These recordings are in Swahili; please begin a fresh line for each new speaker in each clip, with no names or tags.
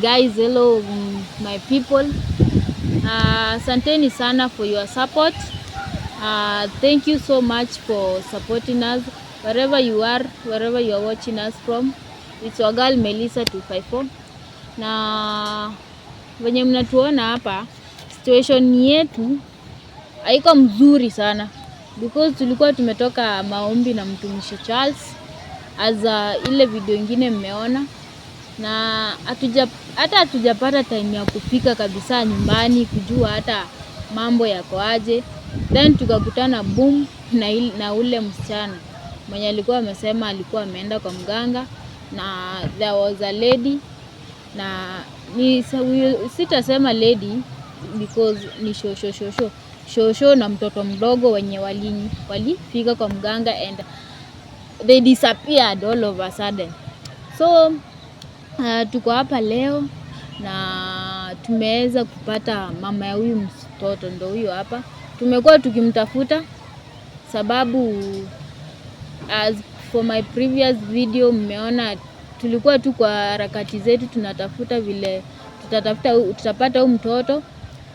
guys, hello mm, my people. Ah, asanteni uh, sana for your support. Uh, thank you so much for supporting us wherever you are, wherever you are watching us from. It's your girl Melissa 254. Na venye mnatuona hapa, situation yetu haiko mzuri sana because tulikuwa tumetoka maombi na mtumishi Charles as ah, ile video ingine mmeona na hata hatujapata time ya kufika kabisa nyumbani kujua hata mambo yako aje. Then tukakutana boom na ule msichana mwenye alikuwa amesema alikuwa ameenda kwa mganga na there was a lady na ni sitasema lady because ni shosho shosho shosho na mtoto mdogo wenye walini walifika kwa mganga and they disappeared all of a sudden so Uh, tuko hapa leo na tumeweza kupata mama ya huyu mtoto, ndo huyo hapa. Tumekuwa tukimtafuta sababu, as for my previous video, mmeona tulikuwa tu kwa harakati zetu tunatafuta vile tutatafuta tutapata huyu mtoto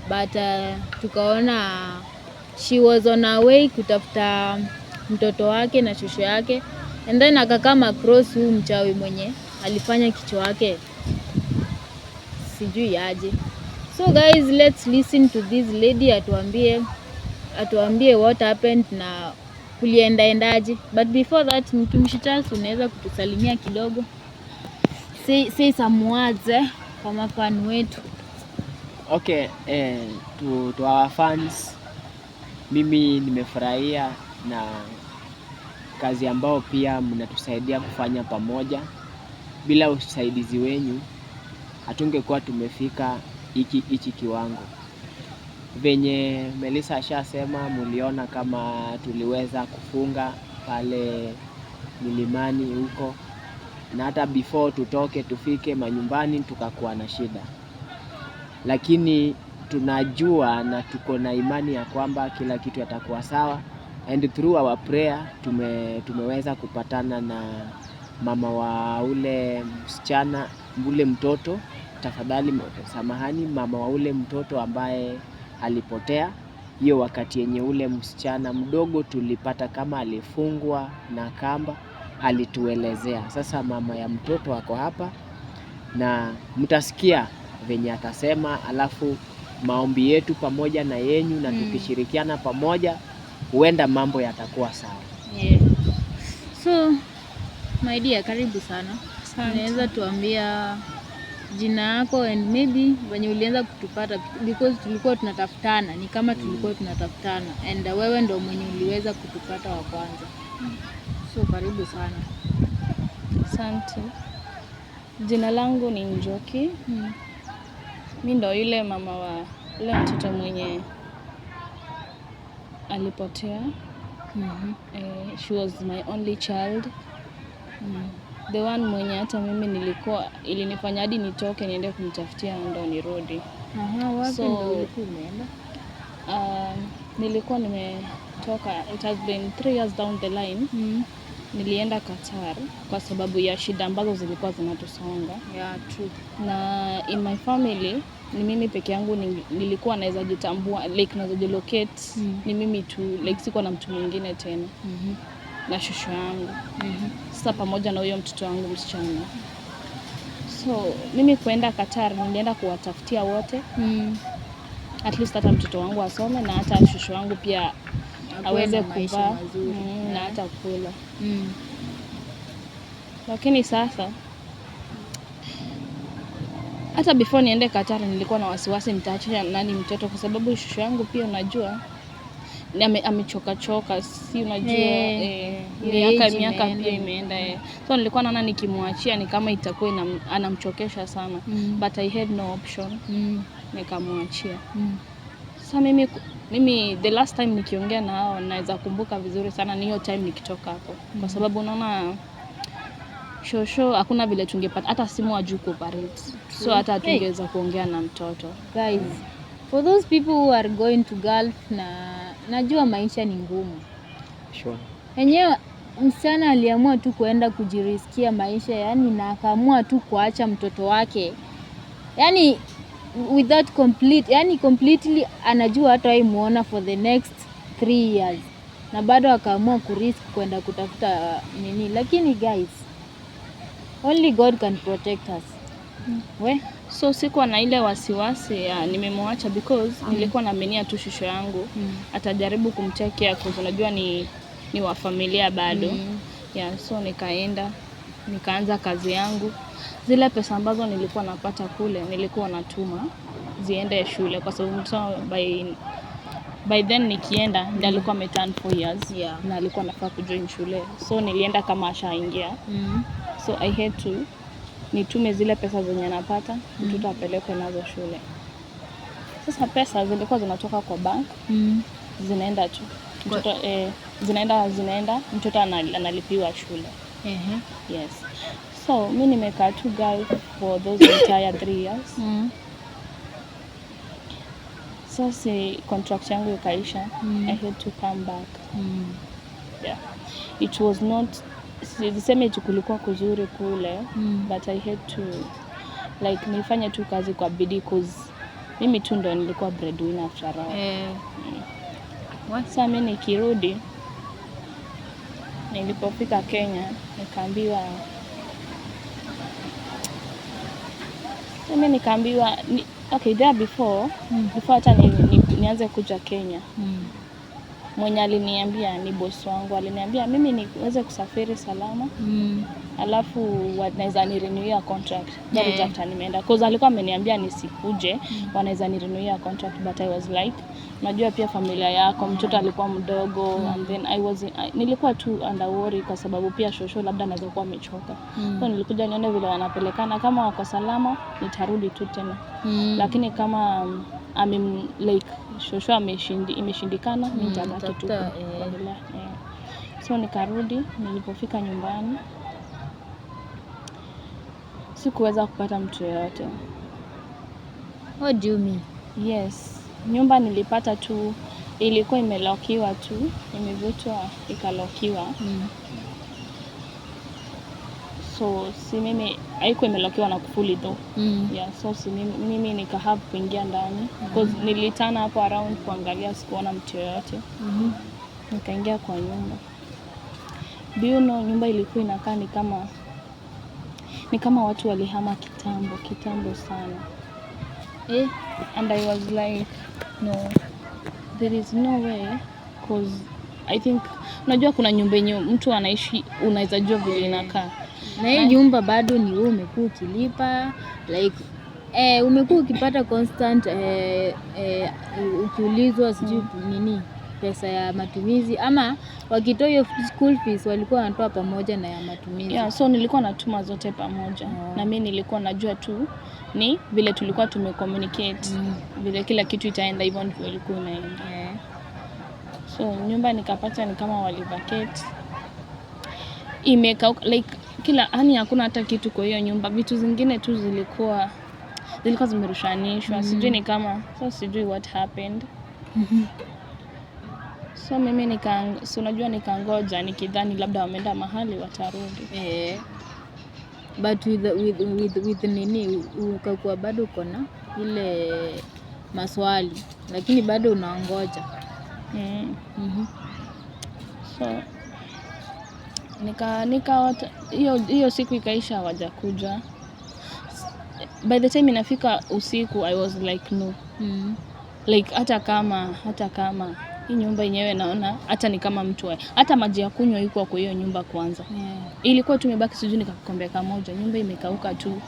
but uh, tukaona she was on her way kutafuta mtoto wake na shosho yake and then akakama across huyu mchawi mwenye alifanya kichwa wake sijui aje. So guys, let's listen to this lady atuambie, atuambie what happened na kuliendaendaje. But before that, mkimshitasi unaweza kutusalimia kidogo, say, say some words eh, kwa mafan wetu.
Okay, eh, to, to our fans, mimi nimefurahia na kazi ambayo pia mnatusaidia kufanya pamoja bila usaidizi wenyu hatungekuwa tumefika hiki hichi kiwango. Venye Melissa ashasema, muliona kama tuliweza kufunga pale milimani huko, na hata before tutoke tufike manyumbani tukakuwa na shida, lakini tunajua na tuko na imani ya kwamba kila kitu yatakuwa sawa, and through our prayer tume, tumeweza kupatana na mama wa ule msichana, ule mtoto, tafadhali samahani, mama wa ule mtoto ambaye alipotea. Hiyo wakati yenye ule msichana mdogo tulipata kama alifungwa na kamba, alituelezea. Sasa mama ya mtoto ako hapa na mtasikia venye atasema, alafu maombi yetu pamoja na yenyu na mm. tukishirikiana pamoja, huenda mambo yatakuwa sawa.
Yeah. So My dear, karibu sana. Unaweza tuambia jina yako and maybe venye ulianza kutupata, because tulikuwa tunatafutana, ni kama mm. tulikuwa tunatafutana and wewe ndo mwenye uliweza kutupata wa kwanza, mm. so karibu sana.
Asante. Jina langu ni Njoki. Hmm. Mi ndo yule mama wa yule mtoto mwenye alipotea. Mm -hmm. Eh, she was my only child. Mm. the one mwenye hata mimi nilikuwa ilinifanya hadi nitoke niende kumtafutia ndo nirudi.
Aha, wapi so, ulikuwa umeenda?
Uh, nilikuwa nimetoka, it has been three years down the line mm. Nilienda Qatar kwa sababu ya shida ambazo zilikuwa zinatusonga yeah, true. Na in my family ni mimi peke yangu nilikuwa naweza jitambua like naweza jilocate mm. Ni mimi tu like sikuwa na mtu mwingine tena mm -hmm na shushu yangu mm -hmm. Sasa pamoja na huyo mtoto wangu msichana. So mimi kuenda Qatar nilienda kuwatafutia wote mm. At least hata mtoto wangu asome na hata shushu wangu pia aweze kuvaa mm, na hata kula mm. Lakini sasa hata before niende Qatar nilikuwa na wasiwasi nitaachia nani mtoto, kwa sababu shushu yangu pia unajua amechoka choka, si unajua yeah, eh, eh miaka miaka pia imeenda eh. So nilikuwa naona nikimwachia ni kama itakuwa anamchokesha sana mm. But I had no option mm. Nikamwachia mm. Sasa mimi mimi the last time nikiongea na hao naweza kumbuka vizuri sana ni hiyo time nikitoka hapo mm. Kwa sababu unaona shosho hakuna vile tungepata hata simu ajuu kuoperate so mm. hata hatungeweza hey, kuongea na mtoto guys mm. for those people who are going to Gulf na najua maisha ni ngumu sure. Enyewe msichana aliamua tu kuenda kujirisikia maisha yani, na akaamua tu kuacha mtoto wake yani without complete, yani completely anajua hata waimwona for the next three years, na bado akaamua kurisk kwenda kutafuta nini, lakini guys, only God can protect us we so sikuwa na ile wasiwasi ya ah, nimemwacha because mm. nilikuwa naaminia tu shusho yangu mm. atajaribu kumchekia cause unajua ni, ni wa familia bado mm. yeah, so nikaenda nikaanza kazi yangu. Zile pesa ambazo nilikuwa napata kule nilikuwa natuma ziende shule, kwa sababu mtoto by, by then nikienda mm. ndio alikuwa ameturn years yeah. na alikuwa nafaa kujoin shule, so nilienda kama ashaingia mm so I had to nitume zile pesa zenye napata mtoto mm. apelekwe nazo shule. Sasa pesa zilikuwa zinatoka kwa bank mm. zinaenda tu mtoto eh, zinaenda zinaenda mtoto analipiwa shule uh-huh. Yes, so mi nimekaa tu girl for those entire three years mm. So si contract yangu ikaisha mm. I had to come back mm. yeah. It was not siseme tu kulikuwa kuzuri kule mm. but I had to like nifanye tu kazi kwa bidii cause mimi tu ndo nilikuwa breadwinner after all. Eh. Mm. Sasa mimi nikirudi, nilipofika Kenya nikaambiwa mimi nikaambiwa ni, okay there before mm. before hata nianze ni, ni kuja Kenya mm mwenye aliniambia ni bosi wangu, aliniambia mimi niweze kusafiri salama mm. Alafu wanaweza nirenewia contract yeah. That after nimeenda cause alikuwa ameniambia nisikuje mm. Wanaweza nirenewia contract but I was like, najua pia familia yako, mtoto alikuwa mdogo mm. And then I was I, nilikuwa tu under worry kwa sababu pia shosho labda anaweza kuwa amechoka mm. So nilikuja nione vile wanapelekana, kama wako salama nitarudi tu tena mm. Lakini kama ame like shosho ameshindi, imeshindikana mimi mm, nitabaki tu eh. kuendelea eh. So nikarudi, nilipofika nyumbani sikuweza kupata mtu yoyote. What do you mean? Yes, nyumba nilipata tu, ilikuwa imelokiwa tu, imevutwa ikalokiwa. Mm so si mimi haiko imelokiwa na kufuli though mm. yeah, so si mimi, mimi nikahav kuingia ndani mm. because mm. nilitana hapo around kuangalia, sikuona mtu yoyote mm -hmm. nikaingia kwa nyumba biuno know, nyumba ilikuwa inakaa ni kama ni kama watu walihama kitambo kitambo sana eh? and I was like no there is no way cause I think unajua kuna nyumba yenye mtu anaishi unaweza jua vile inakaa na hii nyumba bado ni wewe umekuwa ukilipa like eh, umekuwa ukipata constant eh, eh, ukiulizwa sijui nini pesa ya matumizi ama wakitoa hiyo school fees walikuwa wanatoa pamoja na ya matumizi. Yeah, so nilikuwa natuma zote pamoja oh. Na mi nilikuwa najua tu ni vile tulikuwa tumecommunicate mm. Vile kila kitu itaenda hivyo ndivyo ilikuwa inaenda yeah. So nyumba nikapata ni kama walivacate imekauka like kila yani, hakuna hata kitu kwa hiyo nyumba. Vitu zingine tu zilikuwa zilikuwa zimerushanishwa, mm. sijui ni kama so, sijui what happened So mimi nika, so unajua nikangoja nikidhani labda wameenda mahali watarudi, yeah. But with, with, with, with nini ukakuwa bado uko na ile maswali lakini bado unaongoja mm. mm -hmm. so nika nika hiyo hiyo siku ikaisha, hawajakuja. By the time inafika usiku, I was like no mm. like hata kama hata kama hii nyumba yenyewe naona hata ni kama mtu wae, hata maji ya kunywa iko kwa hiyo nyumba kwanza, yeah. ilikuwa tumebaki sijui nikakombe kamoja, nyumba imekauka tu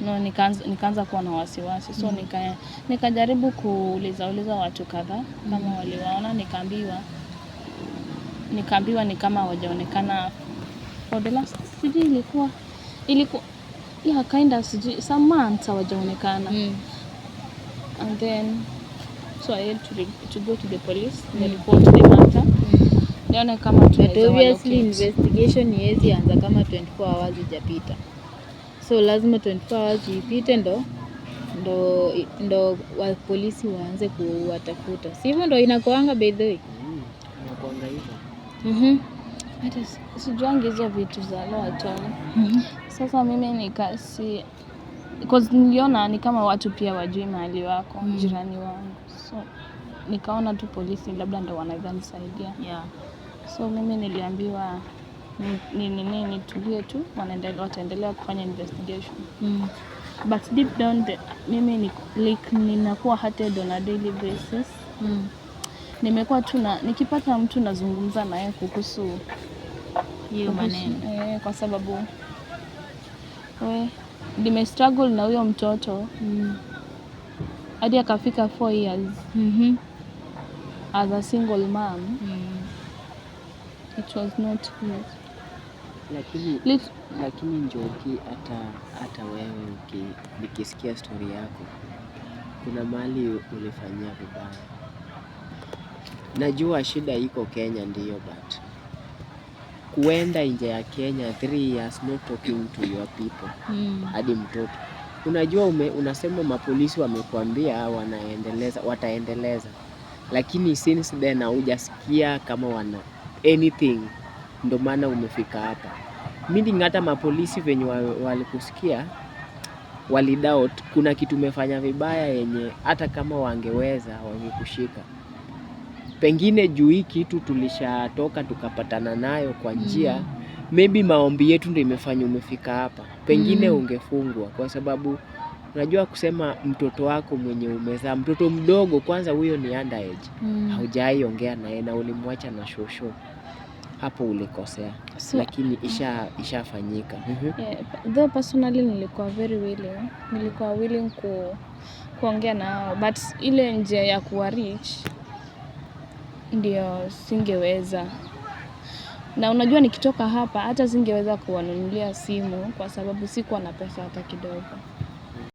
no, nikaanza nikaanza kuwa na wasiwasi so mm. nika nikajaribu kuuliza uliza watu kadhaa kama mm. waliwaona, nikaambiwa nikaambiwa ni kama hawajaonekana for the last sijui ilikuwa ilikuwa yeah, of sijui some months hawajaonekana mm. and then so I had to, re, to go to the police mm. and report the matter mm. nione kama obviously investigation iwezi anza kama 24 hours ijapita so lazima 24 hours ipite ndo ndo ndo wa polisi waanze kuwatafuta, sivyo ndo inakoanga by the way. Mm, inakoanga hivyo. Mhm. Mm hata sijuangi hizo vitu za lower tone. mm -hmm. Sasa mimi nikasi niliona ni kama watu pia wajui mahali wako mm. jirani wangu, so nikaona tu polisi labda ndo wanaweza nisaidia yeah. So mimi niliambiwa nini ni, nitulie tu, wataendelea kufanya investigation mm. But deep down the, mimi ni, like, ninakuwa hated on a daily basis mm nimekuwa tu na nikipata mtu nazungumza naye kuhusu hiyo maneno eh, kwa sababu we nime struggle na huyo mtoto mm. hadi mm. akafika four years mm -hmm. as a single mom mm. it was not good. Lakini, Lit lakini Njoki, hata hata wewe nikisikia story yako kuna mali ulifanyia vibaya Najua shida iko Kenya ndiyo, but kuenda nje ya Kenya three years not talking to your people hmm. hadi mm. Mtoto unajua ume, unasema mapolisi wamekuambia wanaendeleza wataendeleza, lakini since then haujasikia kama wana anything, ndo maana umefika hapa meeting. Hata mapolisi venye walikusikia walidoubt kuna kitu umefanya vibaya, yenye hata kama wangeweza wangekushika pengine juu hii kitu tulishatoka tukapatana nayo kwa njia mm. Maybe maombi yetu ndio imefanya umefika hapa, pengine mm. ungefungwa kwa sababu unajua kusema mtoto wako mwenye umezaa, mtoto mdogo kwanza, huyo ni underage mm. haujai ongea naye na ulimwacha na shosho hapo ulikosea, so, lakini isha ishafanyika. Mhm. yeah, though personally nilikuwa very willing, nilikuwa willing ku kuongea nao but ile njia ya kuwa reach ndio singeweza. Na unajua nikitoka hapa, hata singeweza kuwanunulia simu kwa sababu sikuwa na pesa hata kidogo.